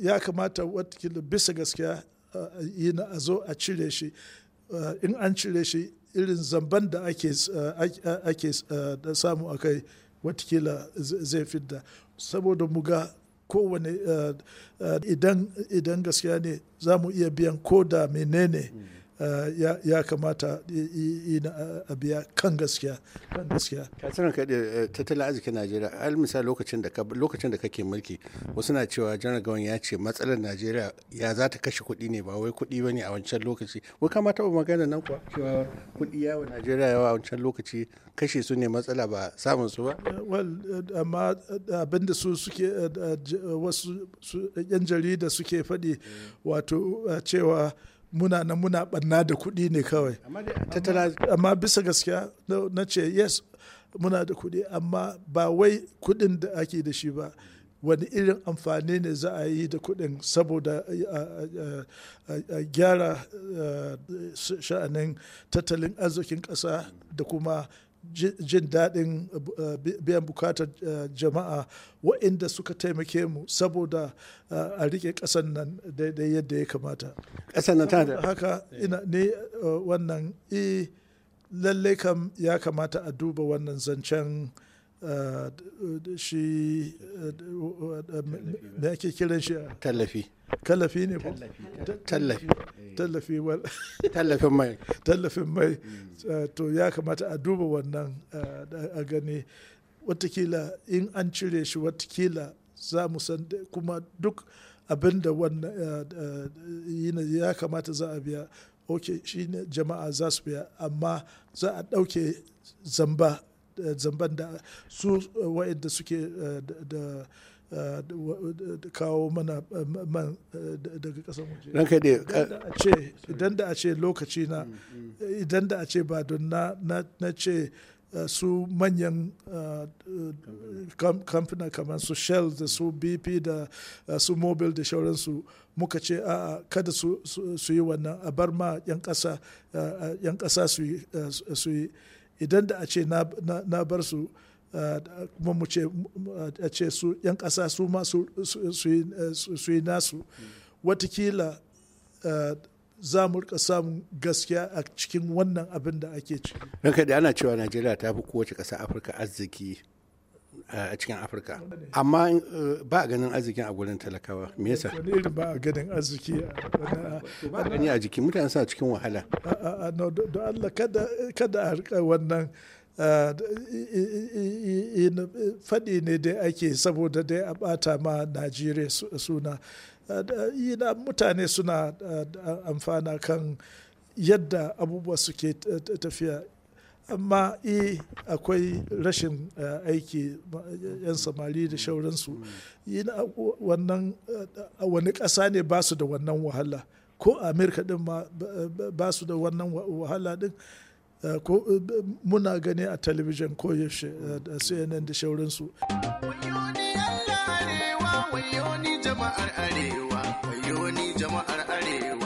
ya kamata watakila bisa gaskiya eh, a zo a cire shi eh, in an cire shi irin zamban da ake eh, samu a kai watakila zai fidda saboda muga kowane idan gaskiya ne za mu iya biyan ko da menene mm. ya kamata a biya kan gaskiya kan gaskiya ka sanar eh, tattalin arzikin najeriya al misali lokacin da ka lokacin da kake mulki wasu na cewa janar gawan ya ce matsalar najeriya ya za ta kashe kuɗi ne ba wai kuɗi bane a wancan lokaci wai kamata ba magana nan kuwa cewa kuɗi yawa najeriya yawa a wancan lokaci kashe su ne matsala ba samun su ba eh, eh, amma abinda su suke wasu yan jarida suke faɗi wato cewa muna nan muna barna da kuɗi ne kawai amma bisa gaskiya na ce yes muna da kuɗi amma ba wai kuɗin da ake da shi ba wani irin amfani ne za a yi da kuɗin saboda a gyara eh, sha'anin tattalin arzikin ƙasa da kuma jin daɗin uh, uh, biyan bukatar uh, jama'a waɗanda suka taimake mu saboda a riƙe ƙasar nan daidai yadda ya kamata. ƙasar nan da haka ina ne wannan e lallai kam ya kamata a duba wannan zancen shi me ake kiran shi tallafi tallafi ne ko tallafi tallafi tallafin mai tallafin mai to ya kamata a duba wannan e, a gani watakila in an cire shi watakila za mu san kuma duk abin da wannan e, e, ya kamata za a biya ok shi ne jama'a za su biya amma za a ɗauke zamba zamban da su eh, wa'inda suke eh, eh, da kawo mana man daga kasan waje idan da a ce lokaci na idan da a ce ba don na ce su manyan uh, kamar su shell da su bp da su mobil da shauransu muka ce a kada su, yi wannan a bar ma 'yan ƙasa su yi idan da a ce na bar su eh, kuma mu ce a ce su 'yan kasa su ma su yi nasu watakila eh, za mu rika samun gaskiya a cikin wannan abin da ake ciki. Ranka da ana cewa Najeriya ta fi kowace ƙasa Afirka arziki a cikin afirka amma eh, ba a ganin arzikin a gurin talakawa me yasa ba a ganin arziki ba a gani a jiki mutane suna cikin wahala don allah kada a rika wannan eh, faɗi ne dai ake saboda dai a bata ma najeriya suna eh, mutane suna amfana kan yadda abubuwa suke tafiya amma e akwai rashin eh, aiki yan samari da shauransu wannan eh, wani ƙasa ne ba su da wannan wahala ko amerika din ma ba su da wannan wahala din ko muna gani a talabijin ko yaushe da cnn da shauransu jama'ar arewa jama'ar arewa